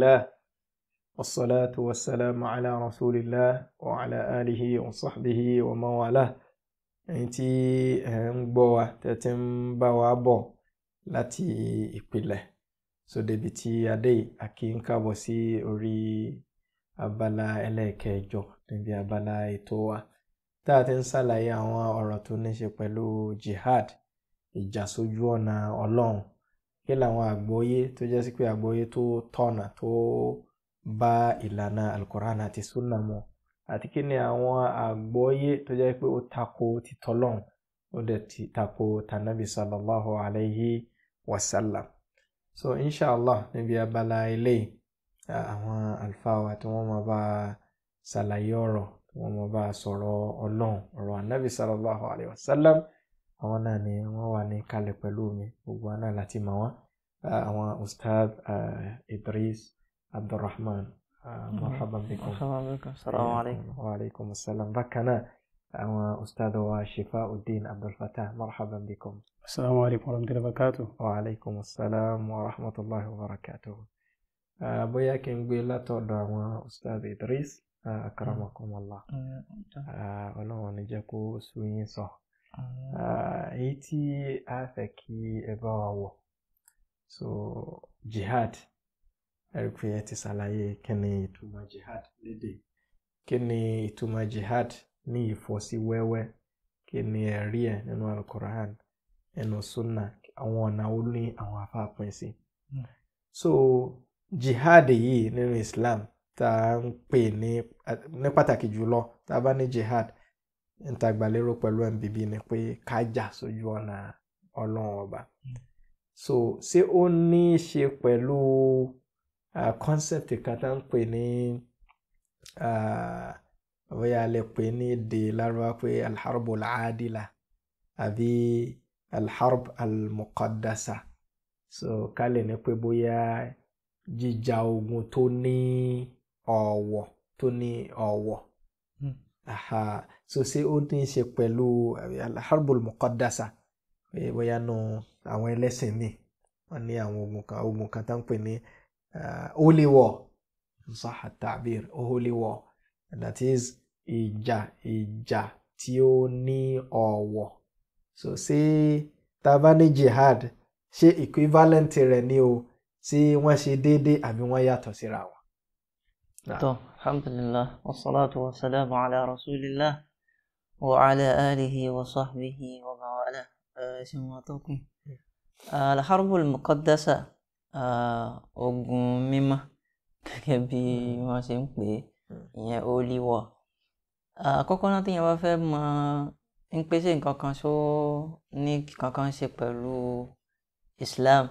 الله والصلاة والسلام على رسول الله وعلى آله وصحبه ومن والاه ẹ̀yin tí ẹ ń gbọ́ wa tẹ́ ti ń bá wa bọ̀ láti ìpìlẹ̀ so débi tí adé àkì ń kábọ̀ sí orí abala ẹlẹ́ẹ̀kẹjọ níbi abala ètò wa tá a ti ń ṣàlàyé àwọn ọ̀rọ̀ tó ní ṣe pẹ̀lú jihad ìjà sójú ọ̀nà ọlọ́run kí làwọn àgbọ́yé tó jẹ́ sí pé àgbọ́yé tó tọ̀nà tó bá ìlànà alukoran àti sunna mu àti kí ni àwọn àgbọ́yé tó jẹ́ pé ó tako ti tọ́lọ́hún ó dẹ̀ ti tako tànàbí sallallahu alayhi wa sallam so inshallah níbi abala eléyìí àwọn alfáwa tí wọ́n máa bá ṣàlàyé ọ̀rọ̀ tí wọ́n máa bá sọ̀rọ̀ ọlọ́run ọ̀rọ̀ ànábì sallallahu alayhi wa sallam. àwọn náà ni wọ́n wà ní kalẹ̀ pẹ̀lú mi gbogbo wa náà láti mọ̀ wọ́n àwọn ustaz Idris Abdulrahman marhaban bikum assalamu alaikum wa alaikum assalam bákan náà àwọn ustaz wa Shifauddin Abdulfatah marhaban bikum. asalaamu alaykum wa rahmatulahi wa barakatu. wa alaykum salaam wa rahmatulahi wa barakatu. bóyá kí n gbé látọ̀dọ̀ àwọn ustaz Idris akaramakumala Allah ọlọ́run ní jẹ́ kó sún yín sọ. Ah, èyí tí a fẹ́ kí ẹ bá wa so jihad ẹ̀rí pé ẹ ti ṣàlàyé kí ni ìtumọ̀ jihad lédè kí ni ìtumọ̀ jihad ní ìfọ́síwẹ́wẹ́ kí ni ẹ̀rí ẹ̀ nínú alukoran nínú sunna àwọn ọ̀nà wo ní àwọn afáàpin sí hmm. so jihad yìí nínú Islam tá à ń pè ní ní pàtàkì jùlọ tá a bá ní jihad n ta gbàlérò pẹ̀lú MBB ni pé ká jà sójú ọ̀nà ọlọ́run ọba so ṣé ó ní í ṣe pẹ̀lú uh, concept kan tá ń pè ní bóyá lè pè ní èdè lárúbá pé alharbu al àbí alharb al-muqaddasa so ká lè ní pé bóyá jíjà ogun tó ní ọ̀wọ̀ tó ní ọ̀wọ̀ hmm so ṣé ó ní í ṣe pẹ̀lú harbul muqaddasa bóyá nu àwọn ẹlẹ́sìn ni wọ́n ní àwọn ogun kan ogun kan tá ń pè ní holy war nsaha ta'bir holy war that is ìjà ìjà tí ó ní ọ̀wọ̀ so ṣé tá bá jihad ṣé equivalent rẹ̀ ni o tí wọ́n ṣe déédéé àbí wọ́n yàtọ̀ síra wọn. tán الحمد لله والصلاة والسلام على رسول الله وعلى آله وصحبه ومواله سماتوكم آه، آه، الحرب المقدسة أقمم آه، كبير ما سيمكبه يا أولي وا أكوكو ناتي ما نكبسي نكاكان شو نكاكان شكبرو إسلام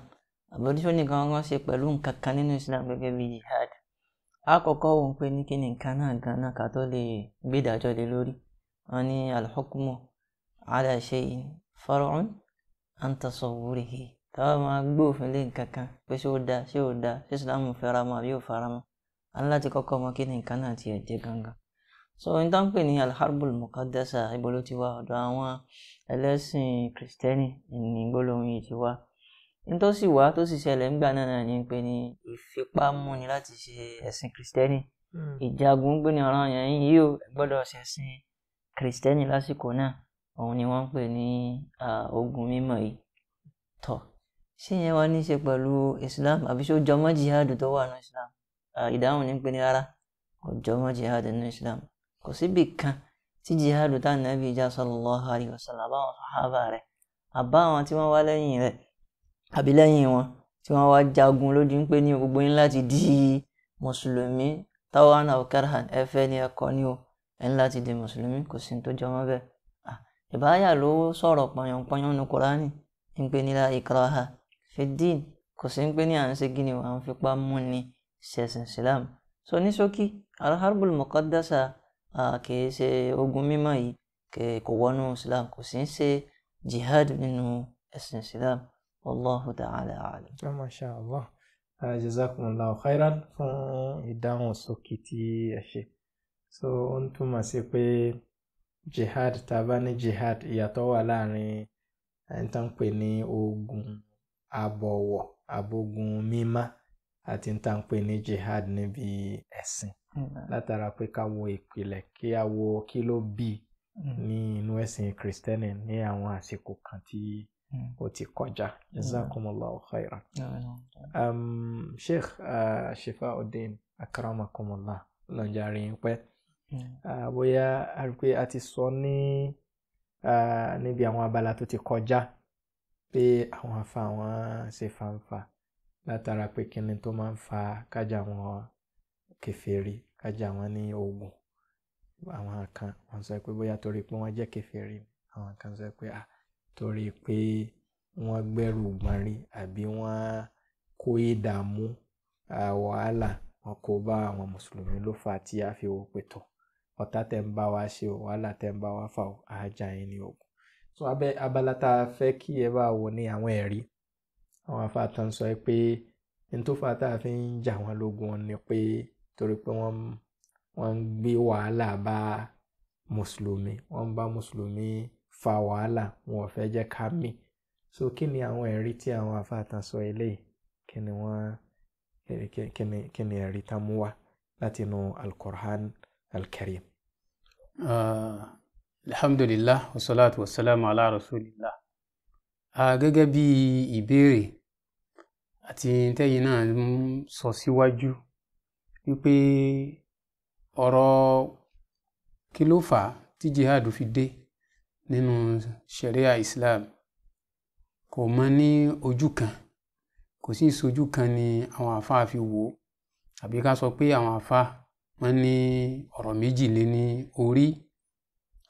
أبدو شو نكاكان شكبرو نكاكان إسلام بكبير جهاد a kọ́kọ́ wò ó pé ní kí ni nǹkan náà gan-an ká tó lè gbé ìdájọ́ lé lórí wọn ní alḥukmu ala shay'in far'un an tasawwurihi káwọn máa gbé òfin lé nǹkan kan pé ṣé ó da ṣé ó da ṣé islam fẹ́ra mọ́ àbí ò fara mọ́ a kọ́kọ́ mọ̀ kí nǹkan náà tiẹ̀ jẹ́ gangan so n tán pè ní alharbul muqaddasa ibo ló ti wá ọ̀dọ̀ àwọn ẹlẹ́sìn kìrìsìtẹ́nì ní yìí ti nítorí sì wá tó sì ṣẹlẹ̀ ńgbà náà ni pé ní ìfipámúni láti ṣe ẹ̀sìn kìrìsìtẹ́nì hmm. ìjagun gbé ní ọ̀ràn yẹn yìí ó gbọ́dọ̀ ṣẹ̀sìn kìrìsìtẹ́nì lásìkò náà òun ni wọ́n ń pè ní ogun mímọ́ yìí tọ̀ ṣé yẹn wá ní í ṣe pẹ̀lú Islam àbí ṣó jọmọ́ jihad tó wà ní Islam ìdáhùn ní pé ní rárá kò jọmọ́ jihad ní Islam kò síbì kan tí jihad tá nàbí ìjà sallallahu alaihi wasallam àbáwọn sàhábà rẹ̀ àbáwọn àbí lẹ́yìn wọn tí wọ́n wá jagun lójú ń pè ní gbogbo yín láti di mùsùlùmí táwọn àwòkárà ẹfẹ ni ẹkọ ni o ẹ ń láti di mùsùlùmí kò sí tó jọmọ́ bẹ́ẹ̀ ìbáyà ló sọ̀rọ̀ pọnyọ̀npọnyọ̀n ní kúránì ń pè ní la ikraha fìdín kò sí ń pè ní à ń ṣe gíní o à ń fipá mú ni ṣẹ̀sìn islam so ní ṣókí alharbul muqaddasa kìí ṣe ogun mímọ́ yìí kò wọnú islam kò sí ń ṣe jihad nínú ẹ̀sìn islam Wallahu ta'ala alam. Masha Allah. Jazakumullahu khairan fún ìdáhùn sókè tí ẹ ṣe. So ó ń túmọ̀ sí pé jihad tá a bá ní jihad ìyàtọ̀ wà láàrin ẹni tó ń pè ní ogun abọ̀wọ̀ abogun mímá àti tá ń pè ní jihad níbi ẹ̀sìn hmm. látara pé ká wo ìpìlẹ̀ kí a wo kí ló bí hmm. ní inú ẹ̀sìn kìrìsìtẹ́nì ní àwọn àsìkò kan tí. Ti ó ti kọjá jazakumullahu khairan um, sheikh uh, Shifauddin akramakumullah lọ́njà rí i pẹ́ bóyá a rí i pé a ti sọ ní níbi àwọn abala tó ti kọjá pé àwọn afa àwọn ṣe fanfa látara pé kíni tó máa ń fa kájà wọn kèfèrí kájà wọn ní oògùn àwọn kan wọn sọ pé bóyá torí pé wọn jẹ́ kèfèrí àwọn kan sọ pé ah torí pé wọ́n gbẹ́rù gbọ́nrí àbí wọ́n kó ìdààmú wàhálà wọn kó bá àwọn mùsùlùmí ló fà á tí a fi wò pé tọ̀ ọ̀tá tẹ́ ń bá wa ṣe o wàhálà tẹ́ ń bá wa fà o àjà yẹn ni o. so abẹ́ abala tá a fẹ́ kí ẹ bá wò ní àwọn ẹ̀rí àwọn afáàtà ń sọ ẹ pé n tó fà tá a fi ń jà wọn lógun ni pé torí pé wọ́n wọ́n ń gbé wàhálà bá mùsùlùmí wọ́n ń bá mùsùlùmí fa wàhálà wọn ò fẹ́ jẹ́ ká mì so kí ni àwọn ẹ̀rí tí àwọn afáàtàn sọ eléyìí kí ni wọ́n kí ni ẹ̀rí tá mú wá láti inú al-Qur'an al-Karim. Ah, alhamdulillah wasalaatu wasalaamu ala rasulillah gẹ́gẹ́ bí ìbéèrè àti tẹ́yìn náà ń sọ síwájú wípé ọ̀rọ̀ kí ló fà á tí jihad fi dé nínú ṣẹ̀ríà Islam kò mọ ní ojú kan kò sí ìsojú kan ni àwọn àfáà fi wò àbí ká sọ pé àwọn àfáà wọ́n ní ọ̀rọ̀ méjì lé ní orí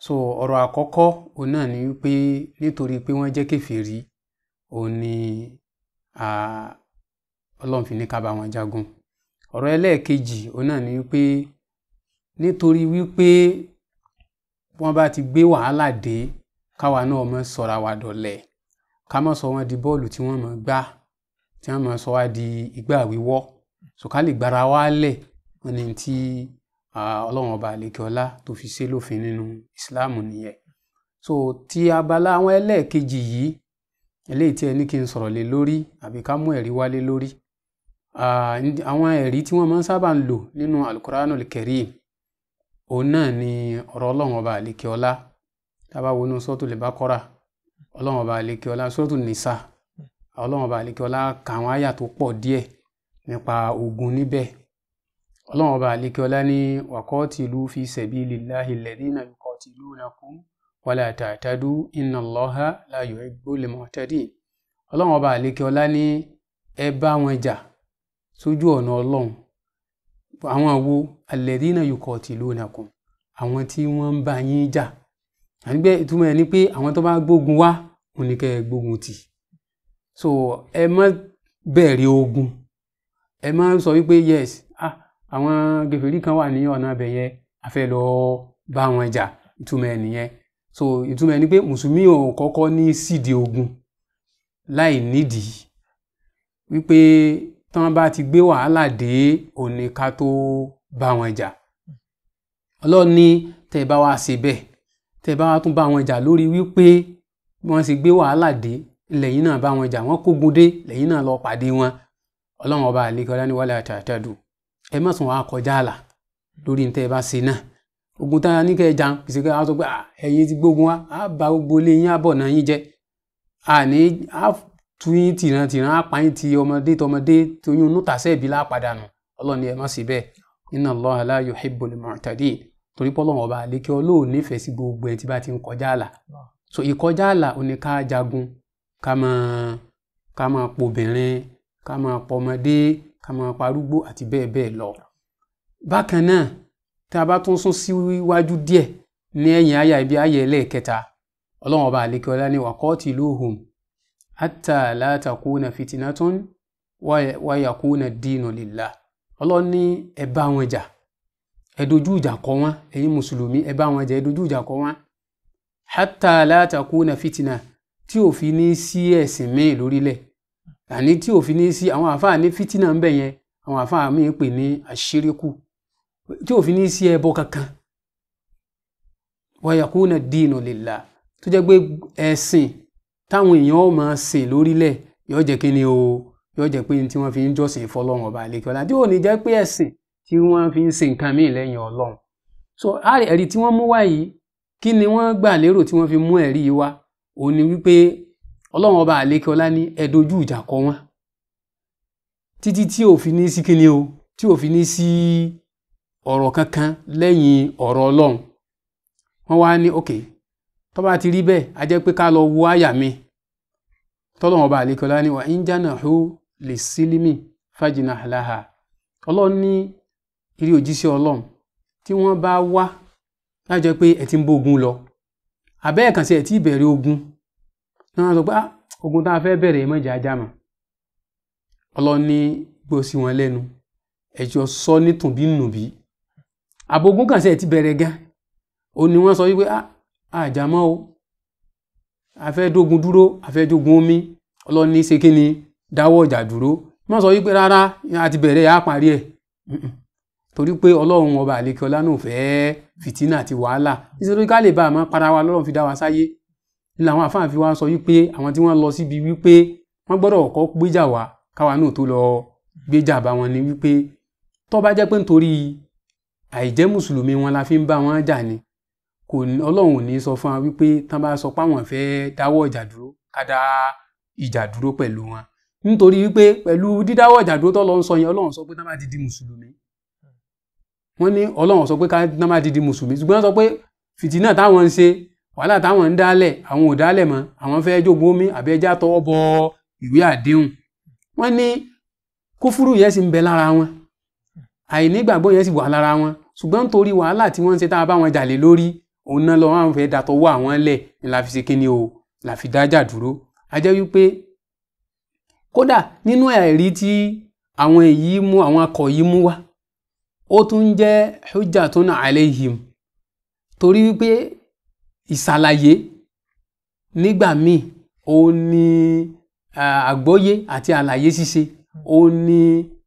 so ọ̀rọ̀ àkọ́kọ́ òun náà ni wípé nítorí pé wọ́n jẹ́ kèfèrí òun ni Ọlọ́run fi ní ká bá wọn jagun ọ̀rọ̀ ẹlẹ́ẹ̀kejì òun náà ni wípé nítorí wípé wọ́n bá ti gbé wàhálà dé káwa náà mọ̀ sọ̀ra wa dọ̀lẹ ká má sọ wọn di bọ́ọ̀lù tí wọ́n mọ̀ gbá tí wọ́n mọ̀ sọ wá di igbá wíwọ́ sọ̀ká lè gbára wá lẹ̀ wọ́n ní tí ọlọ́run ọba àlekè tó fi ṣe lófin nínú ìsìláàmù nìyẹn so ti abala àwọn ẹlẹ́ẹ̀kejì yìí eléyìí tí ẹ ní kí n sọ̀rọ̀ lé lórí àbí ká mú ẹ̀rí wálé lórí àwọn ẹ̀rí tí wọ́n máa sábà ń lò nínú alukoranu kẹrìm òun náà ni ọ̀rọ̀ ọlọ́run ọba àlékè ọlá tábà wọnú sọtụ Nisa ọlọ́run ọba àlékè ọlá kà àwọn àyà ogun níbẹ̀ ọlọ́run ọba ọlá ní waqatilu fi sabilillahi alladhina yuqatilunakum wala ọlọ́run ọba ọlá ní àwọn wo alladhina yuqatilunakum àwọn tí wọ́n ń bá yín jà ànígbẹ́ ìtumọ̀ ẹ̀ ni pé àwọn tó bá gbógun wá òun ni kẹ́ ẹ gbógun tì so ẹ má bẹ̀rẹ̀ ogun ẹ má sọ wípé yes ah àwọn gèfèrí kan wà ní ọ̀nà abẹ yẹn a fẹ́ lọ bá wọn jà ìtumọ̀ ẹ̀ nìyẹn so ìtumọ̀ ẹ̀ ni pé mùsùlùmí ò kọ́kọ́ ní sídìí ogun láì nídìí wípé tí wọ́n bá ti gbé wàhálà dé òní ká tó bá wọn jà ọlọ́run ní tẹ́ ẹ bá wá ṣe bẹ́ẹ̀ tẹ́ ẹ bá wá tún bá wọn jà lórí wípé wọ́n sì gbé wàhálà dé lẹ́yìn náà bá wọn jà wọ́n kógun dé lẹ́yìn náà lọ pàdé wọn ọlọ́run ọba àlekè ọlá àtàtàdù ẹ má sùn wàá kọjá àlà lórí ní bá ṣe náà ogun tára ní kẹjà kìsì kẹjà sọ pé ẹ̀yin ti gbógun wa á gbogbo ilé yín àbọ̀ náà yín jẹ́ àní tún tìrantìran apáyín ti ọmọdé tọmọdé tóyún nútàsẹ́ ìbí lápàdánù ọlọ́ni ẹ má ṣe bẹ́ẹ̀ inna Allaha la yuhibbul mu'tadin torí pọ́lọ́wọ́n ọba àlékè ọlọ́ọ̀ nífẹ̀ẹ́ sí gbogbo ẹ̀ tí bá ti ń kọjá àlà so ìkọjá àlà ò ní ká jagun ká máa ká máa pobìnrin ká máa pọmọdé ká máa parúgbó àti bẹ́ẹ̀ bẹ́ẹ̀ lọ. bákan náà tí a bá tún sún síwájú díẹ̀ ní ẹ̀yìn àyà ibi àyà ẹlẹ́ẹ̀kẹta ọlọ́wọ́n ọba àlékè ọlá ní waqatiluhum hatta alata kona fitina wa waya kona lillah ọlọ́run ní ẹ bá wọn jà ẹ dojú ìjà kọ wọn wọn jà ẹ dojú ìjà kọ wọn hatta la takuna fitina tí ò fi esi mee lori míì lórílẹ̀ àní tí ò fi ní sí àwọn àfáà ní fitina ń bẹ yẹn àwọn a míì pe ní àṣíríkù tí ò fi ní sí ẹbọ kankan wa yakuna dinu lillah tó jẹ́ pé ẹ̀sìn táwọn èèyàn ó máa ṣe lórílẹ̀ yóò jẹ́ kí ni o yóò jẹ́ pé tí wọ́n fi ń jọ́sìn fọlọ́run ọba àlekíọ́lá tí ò ní jẹ́ pé ẹ̀sìn tí wọ́n fi ń ṣe nǹkan míì lẹ́yìn ọlọ́run so ẹ̀rí tí wọ́n mú wá yìí kí ni wọ́n gbà lérò tí wọ́n fi mú ẹ̀rí yìí wá òun ni wípé ọlọ́run ọba àlekíọ́lá ní ẹ dojú ìjà kọ wọ́n títí tí ò fi ní sí kíni o tí ò fi ní sí ọ̀rọ̀ kankan lẹ́yìn ọ̀rọ̀ ọlọ́run wọ́n wá ní okay tó ti rí a jẹ́ pé ká lọ wo àyà mi tọ́lọ́wọ́n bá àlékọ́lá ní wa in janahu lis-silmi fajnah laha ọlọ́run ní iri òjíṣẹ́ ọlọ́run tí wọ́n bá wá láti pé ẹ ti lọ àbẹ́ẹ̀ kàn ah, sí ogun ní wọ́n sọ ogun tá a fẹ́ bẹ̀rẹ̀ mọ́ ìjà ajá ọlọ́run ní sí wọn lẹ́nu ẹ̀jọ̀ sọ àjàmọ́ o afẹ́ dógun dúró afẹ́ jogun omi ọlọ́ni ṣe kí ni dáwọ́ ọjà dúró má sọ wípé rárá a ti bẹ̀rẹ̀ yà á parí ẹ̀ torí pé ọlọ́run ọba àlekí ọlá náà fẹ́ fìtínà àti wàhálà nítorí ká lè bá àmọ́ para wa lọ́rùn fi dá wa sáyé ni làwọn àfáà fi wá sọ wípé àwọn tí wọ́n lọ síbi wípé wọ́n gbọ́dọ̀ kọ́ gbéjà wá káwa náà tó lọ gbéjà bá wọn ni wípé tó bá jẹ́ pé nítorí àìjẹ́ mùsùlùmí wọn la fi ń bá wọn jà ni kò ọlọ́run ò ní sọ fún wa wípé tán bá sọ pé àwọn fẹ́ dáwọ́ ìjà dúró ká dá ìjà dúró pẹ̀lú wọn nítorí wípé pẹ̀lú dídáwọ́ ìjà dúró tọ́lọ́ ń sọ yẹn ọlọ́run sọ pé tán bá ti di mùsùlùmí wọ́n ní ọlọ́run sọ pé tán bá ti di mùsùlùmí ṣùgbọ́n sọ pé fìtínà táwọn ń ṣe wàhálà táwọn ń dálẹ̀ àwọn ò dálẹ̀ mọ́ àwọn fẹ́ jogún omi àbí ẹja tọwọ́ bọ ìwé àdéhùn wọ́n ní kúfúrú yẹn sì ń bẹ lára wọn àìnígbàgbọ́ yẹn sì wà lára wọn ṣùgbọ́n torí wàhálà tí wọ́n ń ṣe tá a bá wọn jà lórí òun náà lọ́wọ́ àwọn fẹ́ datọ́wọ́ àwọn lẹ̀ ni la fi ṣe kíni o la fi dájà dúró a jẹ́ wípé kódà nínú ẹ̀rí tí àwọn èyí mú àwọn akọ̀ yìí mú wá ó tún jẹ́ hujjatun alayhim torí wípé ìsàlàyé nígbà míì ó ní àgbọ́yé àti àlàyé ṣíṣe ó ní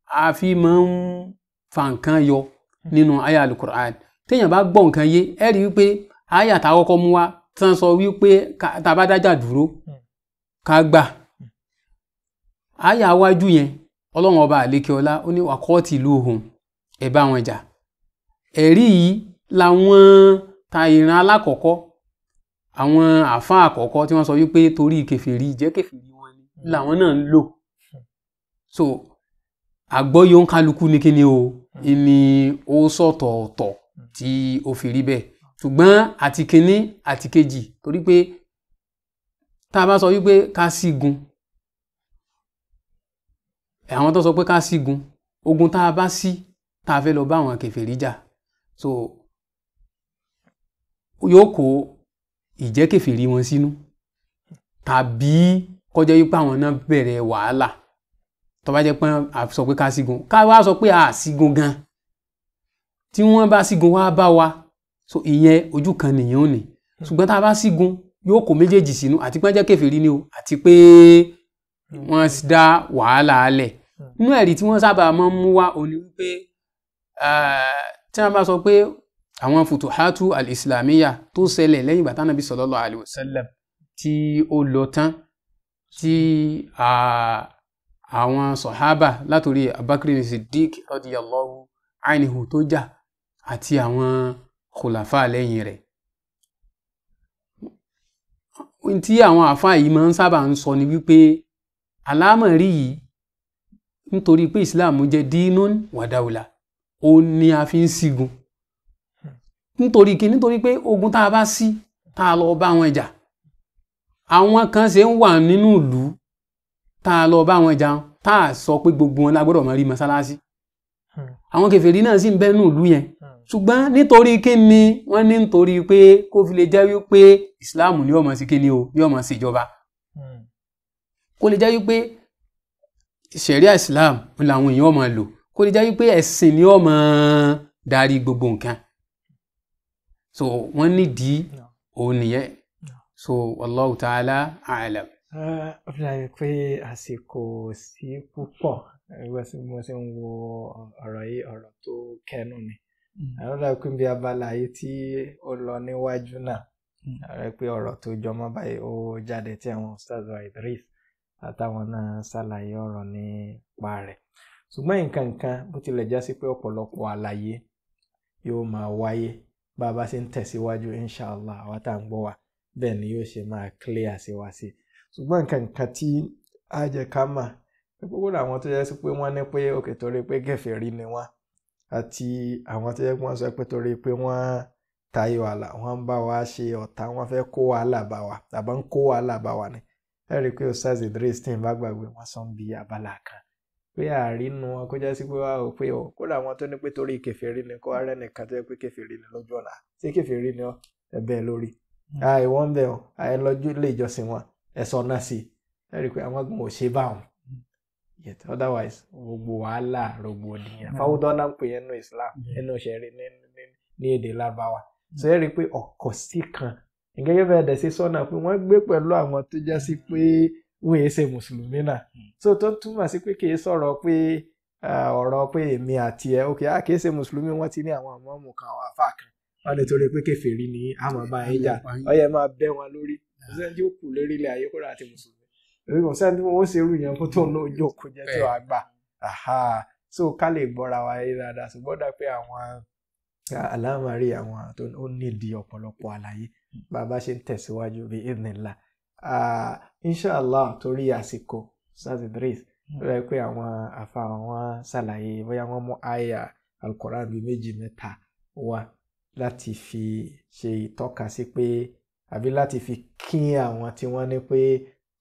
a fi máa ń fa nǹkan yọ nínú àyá al téèyàn bá gbọ́ nǹkan yé ẹ wípé àyà tá a kọ́kọ́ mú wa tán sọ wípé tá a bá dájà dúró hmm. ká gbà àyà hmm. wájú yẹn ọlọ́run ọba àlékè ọlá ó ní wàkọ́ọ̀tì ìlú ohun ẹ̀ bá wọn jà ẹ̀rí yìí làwọn ta ìran alákọ̀ọ́kọ́ àwọn àfa àkọ́kọ́ tí wọ́n sọ wípé torí kèfèrí jẹ́ kèfèrí wọn ni hmm. làwọn náà ń lò so àgbọ́yé òǹkálukú ní kíni o ni ó sọ̀tọ̀ọ̀tọ̀ tí ó fi rí bẹ́ẹ̀ ṣùgbọ́n àti kínní àti kejì torí pé tá a bá sọ wípé ká sígun àwọn tó sọ pé ká sígun ogun tá a bá sí tá a fẹ́ lọ bá àwọn kèfèrí jà so yóò kó ìjẹ́ kèfèrí wọn sínú tàbí kọjá yípa àwọn náà bẹ̀rẹ̀ wàhálà tó bá jẹ́ pé a sọ pé ká sígun ká wá sọ pé a sígun gan tí wọ́n bá sígun wá bá wa so ìyẹn ojú kan nìyẹn ò ní hmm. ṣùgbọ́n tá a bá sígun yóò kó méjèèjì sínú àti pé jẹ́ kèfèrí ni o àti pé wọ́n dá wàhálà alẹ̀ hmm. inú ẹ̀rí tí wọ́n sábà máa ń mú wá òní wípé tí wọ́n bá sọ pé àwọn futuhatu al-islamiyya tó ṣẹlẹ̀ lẹ́yìn ìgbà tánàbí sallallahu alayhi wa sallam tí ó lọ tán tí àwọn sọ̀hábà látòrí abakiri siddiq radiyallahu anhu tó jà àti àwọn kòláfà lẹ́yìn rẹ̀ tí àwọn àáfàá yìí máa ń sábà ń sọ ni wípé alámọ̀rí yìí nítorí pé Islam jẹ́ dínún wàdáwùlà ó ní a fi ń sígun nítorí kí nítorí pé ogun tá a bá sí tá a lọ bá wọn jà àwọn kan ṣe ń wà nínú ìlú tá a lọ bá wọn jà tá a sọ pé gbogbo wọn la máa rí mọ́sálásí hmm. àwọn kèfèrí náà sì ń bẹ nínú ìlú yẹn ṣùgbọ́n nítorí kíni wọ́n ní nítorí pé kó fi lè jẹ́ wípé islam ni yóò máa sí kíni o yóò máa sí ìjọba hmm. kó lè jẹ́ wípé ṣẹ̀ríà islam làwọn èèyàn máa lò kó lè jẹ́ wípé ẹ̀sìn ni yóò máa darí gbogbo nǹkan so wọ́n nídìí òun nìyẹn so wallahu ta'ala a'lam. ó fi hàn pé àsìkò sí púpọ̀ ẹgbẹ́ tí mo ti ń wo ọ̀rọ̀ yìí ọ̀rọ̀ tó kẹnu ni. Hmm. àrọ́dà pé bí abala yìí tí ó lọ níwájú náà hmm. àrẹ pé ọ̀rọ̀ tó jọmọ́ báyìí ó jáde tí àwọn ustaz wa Idris àtàwọn náà ṣàlàyé ọ̀rọ̀ nípa rẹ̀ ṣùgbọ́n nǹkan kan bó tilẹ̀ já sí pé ọ̀pọ̀lọpọ̀ àlàyé yóò máa wáyé bá a bá ṣe ń tẹ̀síwájú inshallah àwa tá à ń gbọ́ wa bẹ́ẹ̀ ni yóò ṣe máa clear sí wa sí ṣùgbọ́n nǹkan kan tí á ká mà gbogbo àwọn tó yẹ sí pé wọ́n ní pé òkè torí pé gẹ̀fẹ̀ rí ni wọ́n àti àwọn tó yẹ kí wọ́n sọ pé torí pé wọ́n tayọ àlà wọ́n ń bá wa ṣe ọ̀tá wọ́n fẹ́ kó wàhálà bá wa àbá ń kó wàhálà bá wa ni ẹ rí i pé Ustaz Idris tí n bá gbàgbé wọn sọ ń bi abala kan pé àrínú wọn kó jẹ́ sí pé wàá pé ọ kódà wọn tó ní pé torí kèfèrí ni kó ara ẹnìkan tó yẹ pé kèfèrí ni lójú ọ̀la ṣé kèfèrí ni ọ ẹbẹ lórí àìwọ́n hmm. bẹ̀ ọ àìlọ́jú ilé ìjọsìn wọn ẹ̀sọ́ náà sí ẹ rí i pé àwọn gbọ́n ò ṣe báwọn yet otherwise gbogbo wàhálà rògbòdìyàn hmm. fáwùdọ́ náà ń pè é nínú Islam nínú ṣẹ̀rí ní èdè Lárúbáwá so ẹ rí i pé ọkọ̀ sí kan gẹ́gẹ́ bẹ́ẹ̀ dẹ̀ ṣe sọ́nà pé wọ́n gbé pẹ̀lú àwọn tó já sí pé wọ́n èé ṣe mùsùlùmí náà hmm. so tó túmọ̀ sí pé kìí sọ̀rọ̀ pé ọ̀rọ̀ pé èmi àti ẹ̀ ok a kìí ṣe mùsùlùmí wọ́n ti ní àwọn ọmọọmọ kan àwọn afá kan wọ́n lè torí pé kèfèrí ní àmọ́ bá ẹ̀ jà ọ̀yẹ́ máa bẹ́ wọn lórí ṣé ah. ń jókòó lórílẹ̀ ayé kóra àti mùsùlùmí kò sẹ́ni tí wọ́n ṣe irú yẹn fún tóun náà yóò kó jẹ́ tí wàá gbà so ká lè gbọ́ra wa yé dáadáa ṣùgbọ́n dà pé àwọn aláàmárí àwọn tó ó nídìí ọ̀pọ̀lọpọ̀ àlàyé bàbá ṣe ń tẹ̀síwájú bí ìdìnnìlá inshallah torí àsìkò sátidrís rẹ mm. pé àwọn afa àwọn ṣàlàyé bóyá wọ́n mú àyà alukoran bíi méjì mẹ́ta wá láti fi ṣe ìtọ́ka sí pé àbí láti fi kín àwọn tí wọ́n ní pé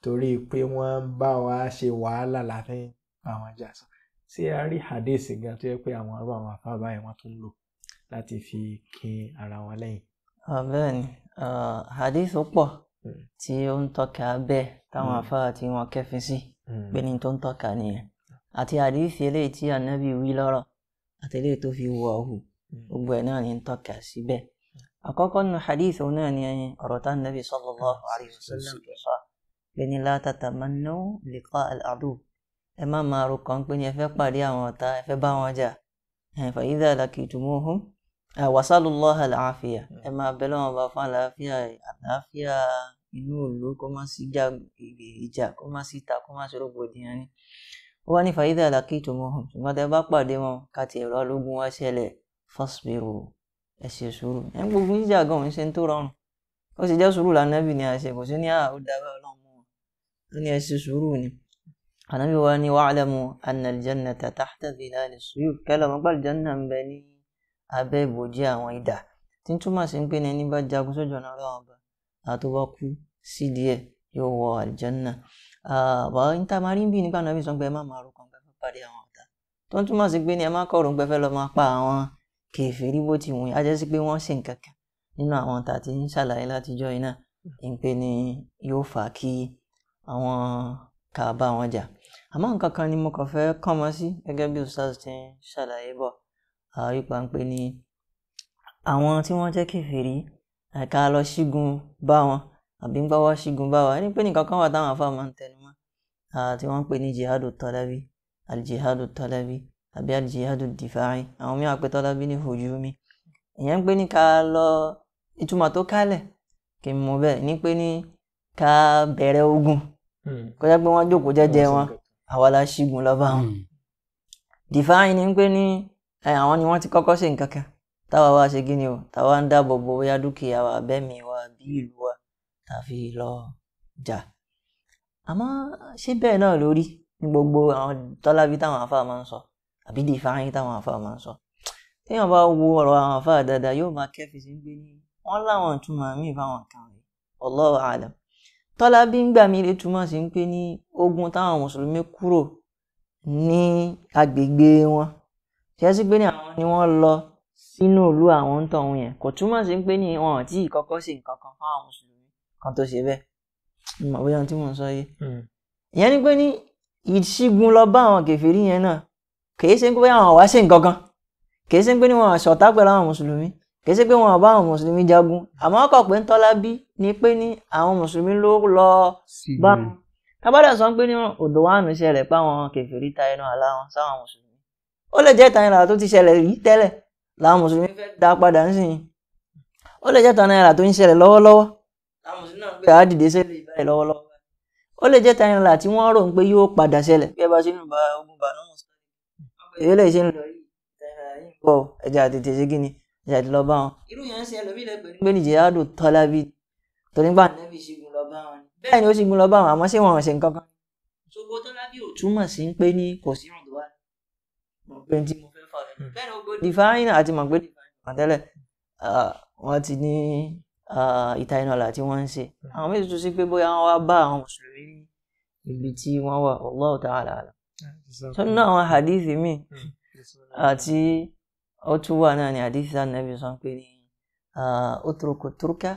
torí pé wọ́n ń bá wa ṣe wàhálà la fi ń bá wọn jà sọ sí àárí hadisi gan tó yẹ pé àwọn arúgbó àwọn afá báyìí wọ́n tún lò láti fi kin ara wọn lẹ́yìn. bẹ́ẹ̀ni hadisi pọ̀ hmm. tí ó ń tọ́ka bẹ́ẹ̀ táwọn afá hmm. tí wọ́n kẹ́fín sí hmm. pé ní tó ń tọ́ka nìyẹn àti hadisi eléyìí tí anabi wí lọ́rọ̀ àti eléyìí tó fi wọ̀ ọ̀hún gbogbo ẹ̀ náà ní ń tọ́ka síbẹ̀ àkọ́kọ́ nù hadisi náà ni ọ̀rọ̀ tá lẹ́ni látàtàmánú liqa al-adu ẹ má máa ro kàn pé ní ẹ fẹ́ pàdé àwọn ọ̀tá ẹ fẹ́ bá wọn jà fa idha laqitumuhum eh, wasalullaha al-afiya ẹ máa bẹ lọ́wọ́ bá fún àlàáfíà àlàáfíà inú òòlù kó má sí ìjà kó má sí ìta kó má sí rògbòdìyàn ni ó wá ní fa idha laqitumuhum ṣùgbọ́n tẹ bá pàdé wọn ká ti ẹ̀rọ ológun wá ṣẹlẹ̀ fasbiru ẹ ṣe sùúrù ẹ gbogbo ní ẹ ṣe sùúrù ni ànábì wa ni wa'lamu anna al-jannata tahta dhilali as-suyuf kẹlẹ́ ọmọ gbàlù jẹ́nà ń bẹ ní abẹ́ ìbòjì àwọn idà tí ń túmọ̀ sí pé ní bá jagun sójú ọ̀nà ọlọ́run ọba àtọ́wá kú sí díẹ̀ yóò wọ àlìjẹ́nà wà á níta máa rí bí nípa ànábì sọ pé ẹ má máa rò kàn pé fẹ́ pàdé àwọn ọ̀tá tó ń túmọ̀ sí pé ní ẹ má kọ̀rọ̀ pé fẹ́ lọ máa pa àwọn kèfèrí bó ti wù yín á jẹ́ sí pé wọ́n sì ń kankan nínú àwọn tàti ń ṣàlàyé látijọ́ yìí náà ń pè ní yóò fà á kí àwọn ká bá wọn jà àmọ́ nǹkan kan ni mo kàn fẹ́ kàn mọ́ sí gẹ́gẹ́ bí ustaz ti ń ṣàlàyé bọ̀ ipa ń pè ní àwọn tí wọ́n jẹ́ kèfèrí ẹ̀ka lọ ṣígun bá wọn àbí ń gbáwá ṣígun bá wa ẹni pé nǹkan kan wà táwọn afá máa ń tẹnu mọ́ tí wọ́n ń pè ní jihadu talabi aljihadu talabi àbí aljihadu difa'i àwọn mìíràn pé talabi ní hujumi ìyẹn ń pè ní ká lọ ìtumọ̀ tó kálẹ̀ kí n mú bẹ́ẹ̀ ní pé ní ká bẹ̀rẹ̀ ogun Hmm. kọjá pé wọ́n jókòó jẹ́jẹ́ wọn àwa la ṣígun lọ́ba wọn. Hmm. dìfáàyìn ni pé ní àwọn ni wọ́n ti kọ́kọ́ ṣe nǹkan kan táwa wá ṣe kí ni o táwa ń dáàbò bo bóyá dúkìá wa bẹ́ẹ̀mí wa bí ìlú wa tàfi lọ jà àmọ́ ṣé bẹ́ẹ̀ náà lórí ní gbogbo àwọn tọ́lábí táwọn àfáà máa ń sọ àbí dìfáàyìn táwọn àfáà máa ń sọ téèyàn bá wo ọ̀rọ̀ àwọn àfáà dáadáa yóò máa kẹ́fì sí gbé ní wọ́n láwọn ìtumọ̀ míì fáwọn kan rèé Allahu tọ́lábí ń gbà mí lè túmọ̀ sí pé ní ogun táwọn mùsùlùmí kúrò ní agbègbè wọn ṣẹ́sí pé ní àwọn ni wọ́n lọ sínú ìlú àwọn ń tọ̀hún yẹn kò túmọ̀ sí pé ní wọn ò tí ì kọ́kọ́ ṣe nǹkan kan fún àwọn mùsùlùmí kan tó ṣe bẹ́ẹ̀ mọ̀ bóyá tí mò ń sọ yé hmm. ìyẹn ni pé ní ìṣígun lọ bá àwọn kèfèrí yẹn náà kì í ṣe pé àwọn wá ṣe nǹkan kan kì í ṣe pé ní wọn àṣọ̀tá pẹ̀lú àwọn mùsùlùmí kì í ṣe pé wọn bá àwọn mùsùlùmí jagun àmọ́ ọkọ pé ń tọ́lá bí ni pé ní àwọn mùsùlùmí ló lọ bá wọn tábàdà sọ pé ní odò wa nù ṣẹlẹ̀ páwọn kẹfìrí ta ẹnu àlá wọn sáwọn mùsùlùmí ó lè jẹ́ ìtàn ìlànà tó ti ṣẹlẹ̀ yìí tẹ́lẹ̀ làwọn mùsùlùmí fẹ́ dá padà nísìnyí ó lè jẹ́ ìtàn ìlànà tó ń ṣẹlẹ̀ lọ́wọ́lọ́wọ́ làwọn mùsùlùmí náà gbé àádìdé ṣẹlẹ̀ ìbáyìí lọ́wọ́lọ́wọ́ ó lè jẹ́ ìtàn ìlànà tí wọ́n rò pé yóò padà ṣẹlẹ̀ bí lè ṣe ń lọ yìí ẹ̀jẹ̀ àtètè ṣe kí ṣe àti lọ bá wọn. irú yẹn ń ṣe ẹlòmíì lẹ́gbẹ̀ẹ́ nígbà ní jihadu tọ́lábí tonígbà nẹ́bí ṣígun lọ bá wọn. bẹ́ẹ̀ ni ó ṣígun lọ bá wọn àmọ́ ṣé wọn ò ṣe nǹkan kan. ṣògo tọ́lábí ò túmọ̀ sí pé ní kò sí ọ̀dọ́ wa. Hmm. bẹ́ẹ̀ ni ogbó difain àti mọ̀gbé difain tẹ́lẹ̀ wọ́n ti ní ìta iná ọ̀la tí wọ́n ń ṣe. Hmm. àwọn méjì tún sí pé bóyá wọ́n wá bá àwọn mùsùlùmí ó tún wà náà ní àdìsí ànábì sọ pé ní utruku turka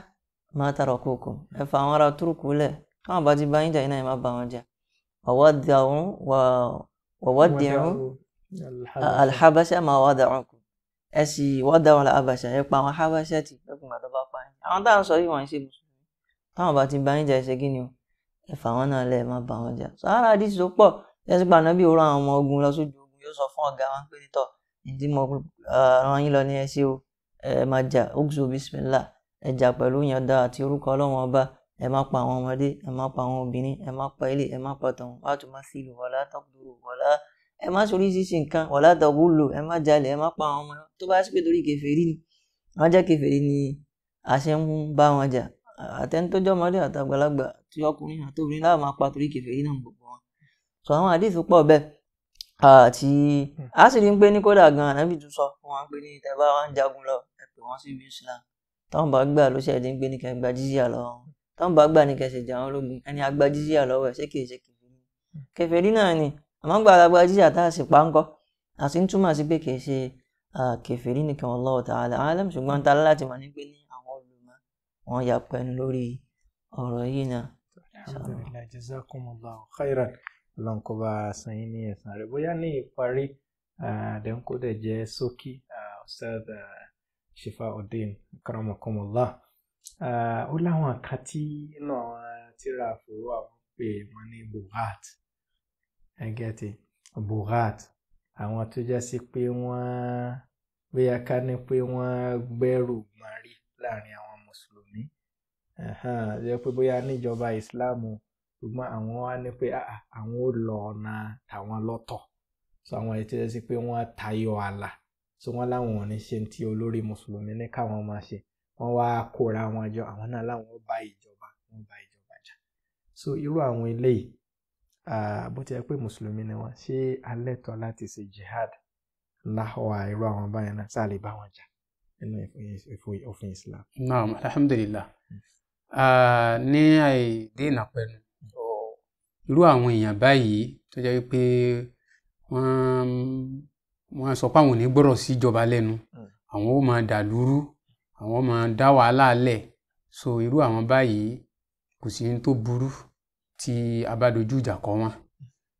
ma tarakukum ẹ fà àwọn ará túrùkù lẹ̀ káwọn bá ti bá yín jà yín náà ẹ má bá wọn jà wàwádìí wàwádìí alhabasha ma wada'ukum ẹ sì wada'u alhabasha ẹ pa àwọn habasha tì lókun bàtà bá pa yín àwọn táwọn sọ yìí wọn ṣe mùsùlùmí táwọn bá ti bá yín jà ẹ ṣe kí ni o ẹ fà wọn náà lẹ̀ ẹ má bá wọn jà ara àdìsí tó pọ̀ ẹ sì pa ànábì òru àwọn ọmọ ogun lọ sójú ogun yóò sọ fún ọ̀gá wọn pé tọ́ ìdí mo eh, rán yín lọ ní ẹ ṣe o ẹ máa jà oxo bismillah ẹ jà pẹ̀lú ìyànda àti orúkọ ọlọ́run ọba ẹ má pa àwọn ọmọdé ẹ má pa àwọn obìnrin ẹ má pa ilé ẹ má pa tọ̀hún wá tó má sí ìlú wọlá tọ́kùdúró wọlá ẹ má sọ oríṣiríṣi nǹkan wọlá tọ́kùlò ẹ má jalè ẹ má pa àwọn ọmọ tó bá sí pé torí kèfèrí ni wọ́n jẹ́ kèfèrí ni àṣẹ ń bá wọn jà àtẹni tó jẹ́ ọmọdé àtàgbàlagbà tí ọkùnrin àtòbìnrin láwọn máa pa torí kèfèrí náà gbogbo wọn. sọ àwọn àdìsí pọ̀ bẹ́ẹ̀ àti hmm. a sì rí pé ní kódà gan ànábì tún sọ fún wọn pé ní tẹ́ bá wọn jagun lọ ẹ pè wọn sí ibi islam táwọn bá gbà ló ṣẹ̀dí pé ní kẹgbà jíjìyà lọ wọn táwọn bá gbà ní kẹsẹ̀ jà wọn lógun ẹni agbá jíjìyà lọ́wọ́ ẹ̀ ṣé kìí ṣe kèfèrí hmm. kèfèrí náà ni àmọ́ gbà agbá jíjìyà tá a sì pa ń kọ́ a sì ń túmọ̀ sí pé kìí ṣe kèfèrí nìkan Allahu ta'ala alam ṣùgbọ́n ta láti mọ̀ ní pé ní àwọn olùmọ̀ wọn yà alhamdulillah jazakumullahu khairan ọlọ́run kó bá a san yín ní ẹ̀san rẹ̀ bóyá ní ìparí àdéhùn kó dẹ̀ jẹ́ sókí Ustaz Shifa Udeen karamakumullah ó láwọn kan tí náà tíra àfòrò àwọn pé wọ́n ní bughat ẹgẹ́tì bughat àwọn tó já sí pé wọ́n bóyá ká ní pé wọ́n gbẹ́rù mari láàrin àwọn mùsùlùmí jẹ́ pé bóyá níjọba ìsìláàmù ṣùgbọ́n àwọn wá ní pé ah, ah, àwọn ò lọ ọ̀nà àwọn lọ́tọ̀ so àwọn ètò ẹ̀ sí pé wọ́n tayọ ààlà so wọ́n láwọn ò ní ṣe ti olórí mùsùlùmí ní káwọn máa ṣe wọ́n wá kóra wọn jọ àwọn náà láwọn ó bá ìjọba wọ́n bá ìjọba jà so irú àwọn eléyìí bó ti yẹ pé mùsùlùmí ni wọ́n ṣé alẹ́tọ̀ láti ṣe jihad láhọ́wà irú àwọn báyẹn náà sáà lè bá wọn jà nínú òfin Islam. naam alhamdulillah mm. ní àìdí ìnàpẹ̀nu irú àwọn èèyàn báyìí tó jẹ́ pé wọ́n wọ́n sọ pé àwọn ò ní gbọ́rọ̀ sí lẹ́nu hmm. àwọn ó máa dàlúrú àwọn ó máa dá wàhálà lẹ̀ so irú àwọn báyìí kò sí ní tó burú tí a bá dojú ìjà kọ wọn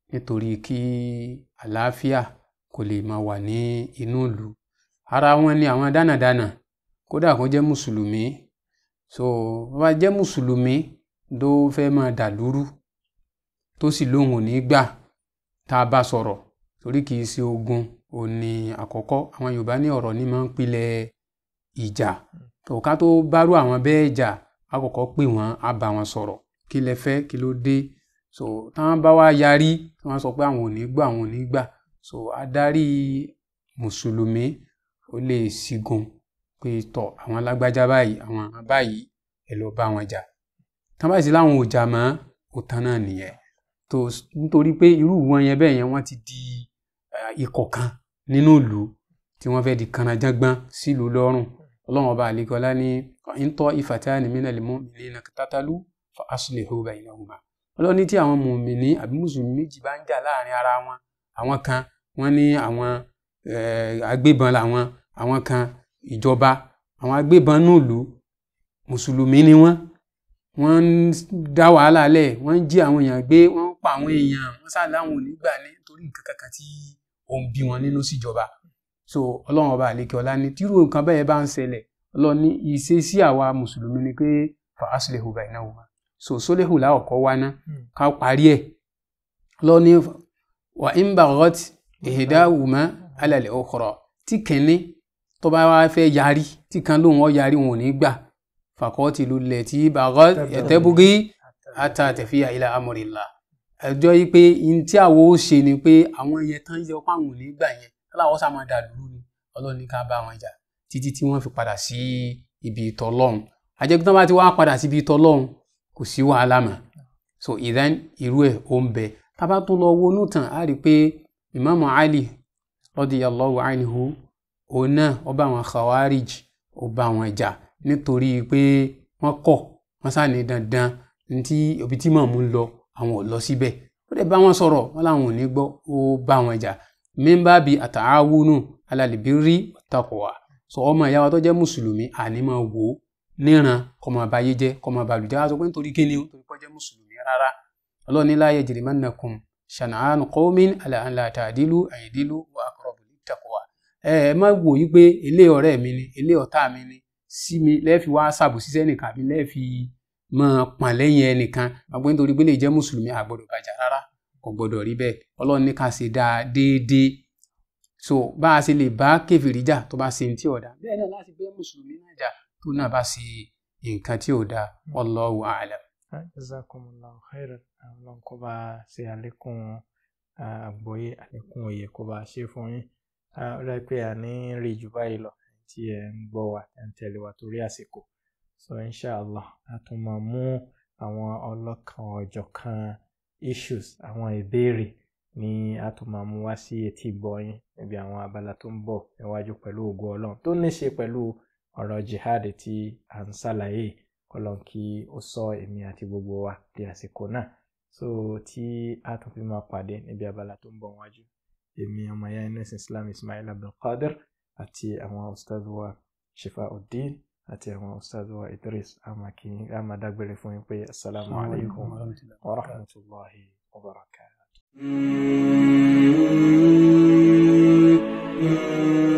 nítorí kí àlàáfíà kò lè máa wà ní inú ìlú ara wọn ni àwọn dánàdánà kódà kó jẹ́ mùsùlùmí so bá jẹ́ mùsùlùmí ló fẹ́ máa dàlúrú tó sì lóun ò ní gbà tá a bá sọ̀rọ̀ torí kì í ṣe ogun òní àkọ́kọ́ àwọn Yorùbá ní ọ̀rọ̀ ní máa ń pilẹ̀ ìjà òká tó bárú àwọn bẹ́ẹ̀ jà àkọ́kọ́ pè wọ́n á bá wọn sọ̀rọ̀ kí lẹ fẹ́ kí ló dé so táwọn bá wá yarí wọ́n sọ pé àwọn ò ní gbà àwọn ò ní gbà so adarí mùsùlùmí ó lè sigun pé tọ̀ àwọn lágbájá báyìí àwọn báyìí ẹ lọ bá wọn jà táwọn bá sì láwọn ò jà mọ́ ó náà nìyẹn tó nítorí pé irú wọn yẹn bẹ́ẹ̀ yẹn wọ́n ti di ikọ̀ kan nínú ìlú tí wọ́n fẹ́ di kanajágbọ́n sílùú lọ́rùn ọlọ́run ọba àlekọ́lá ní ìntọ́ ìfàtàní minal mu'minina tátálú fa aslihu bainahuma ọlọ́ni tí àwọn mùmìnì àbí mùsùlùmí méjì bá ń jà láàrin ara wọn àwọn kan wọ́n ní àwọn agbébọn làwọn àwọn kan ìjọba àwọn agbébọn náà lù mùsùlùmí ni wọ́n wọ́n dá wàhálà lẹ̀ wọ́n jí àwọn èèyàn gbé wọ́n pa àwọn èèyàn wọ́n sá láwọn ò ní gbà ní torí nǹkan kankan tí ó ń bí wọn nínú síjọba so ọlọ́run ọba àlekè ọlá ni tírú nǹkan bẹ́ẹ̀ bá ń ṣẹlẹ̀ ọlọ́run ní ìṣesí àwa mùsùlùmí ni pé fàásùlẹ̀hù bàìnáwó ma so sólẹ̀hù láọ̀kọ́ wá ná hmm. ká parí ẹ̀ lọ ní wà ń bà rọt ìhìdáwù mọ́ alàlẹ́ ọkọ̀rọ̀ tí kẹ́ni tó bá wá yarí tí kan lóun ọ yarí wọn ò ní gbà fàkọ́tì lulẹ̀ tí bà ẹ̀tẹ́bùgì àtàtẹ̀fíà ilà amúrìlá ẹjọ́ yìí pé ihun tí àwo ó ṣe ni pé àwọn yẹn tán yẹ ọpá àwọn òní gbà yẹn aláwọ̀ sá máa dà lóru ni ọlọ́run ní ká bá wọn jà títí tí wọ́n fi padà sí ibi ìtọ́ lọ́hùn àjẹkùtàn bá ti wá padà sí ibi ìtọ́ lọ́hùn kò sí wàhálà mọ́ so ìdán irú ẹ̀ ó ń bẹ tábà tó lọ wọnú tán á rí i pé ìmáàmù Ali radiyallahu anhu òun náà ó bá àwọn khawarij ó bá wọn jà nítorí pé wọ́n kọ̀ wọ́n sá ní dandan ní ti òbí tí màmú ń lọ àwọn ò lọ síbẹ̀ ó dẹ̀ bá wọn sọ̀rọ̀ wọn làwọn ò ní gbọ́ ó bá wọn jà mímbà bíi àtàwùnú alàlìbírí taqwa sọ ọmọ ìyá wa tó jẹ́ mùsùlùmí àní máa wò ó níran kọmọ àbáyé jẹ́ kọmọ àbàlùjẹ́ wá sọ pé nítorí kíni ó torí kọ́ jẹ́ mùsùlùmí rárá ọlọ́ọ̀ni la yajrimannakum shana'anu qawmin ala an la ta'dilu i'dilu wa aqrabu littaqwa ẹ ẹ má wò yí pé ilé ọ̀rẹ́ mi ni ilé ọ̀tá mi ni sí mi lẹ́ẹ̀fi wá ṣàbòsí sẹ́nìkan àbí lẹ́ẹ̀fi máa pọ̀n lẹ́yìn ẹnìkan àgbọn nítorí pé lè jẹ́ mùsùlùmí àgbọ̀dọ̀ bàjá rárá kò gbọ́dọ̀ rí bẹ́ẹ̀ ọlọ́run ní ká ṣe dáa déédéé so bá a ṣe lè bá kèfèrí jà tó bá ṣe ní tí ò dáa bẹ́ẹ̀ náà láti bẹ́ mùsùlùmí náà jà tó náà bá ṣe nǹkan tí ò dáa wallahu a'lam. jazakumullahu khairan ọlọ́run kó bá ṣe àlékún àgbọ́yé àlékún òye kó bá ṣe fún yín ó rẹ pé à ní rí jù báyìí lọ tí ẹ ń gbọ́ wa ẹ ń tẹ̀lé wa torí àsìkò so inshallah a tún máa mú àwọn ọlọ́kan ọ̀jọ̀kan issues àwọn ìbéèrè ni a tún máa mú wá sí etí gbọ́yìn níbi àwọn abala tó ń bọ̀ níwájú pẹ̀lú ògo ọlọ́run tó ní ṣe pẹ̀lú ọ̀rọ̀ jihad tí à ń ṣàlàyé kọlọ́n kí ó sọ èmi àti gbogbo wa di àsìkò náà so tí a tún fi máa pàdé níbi abala tó ń bọ̀ wájú èmi ọmọ ya inú ẹ̀sìn Islam Ismail Abdulkadir àti àwọn ustaz wa Shifa Uddin àti àwọn ustaz wa Idris a máa dágbére fún yín pé assalamu alaikum wa rahmatulahi wa barakatuh. Mm-hmm.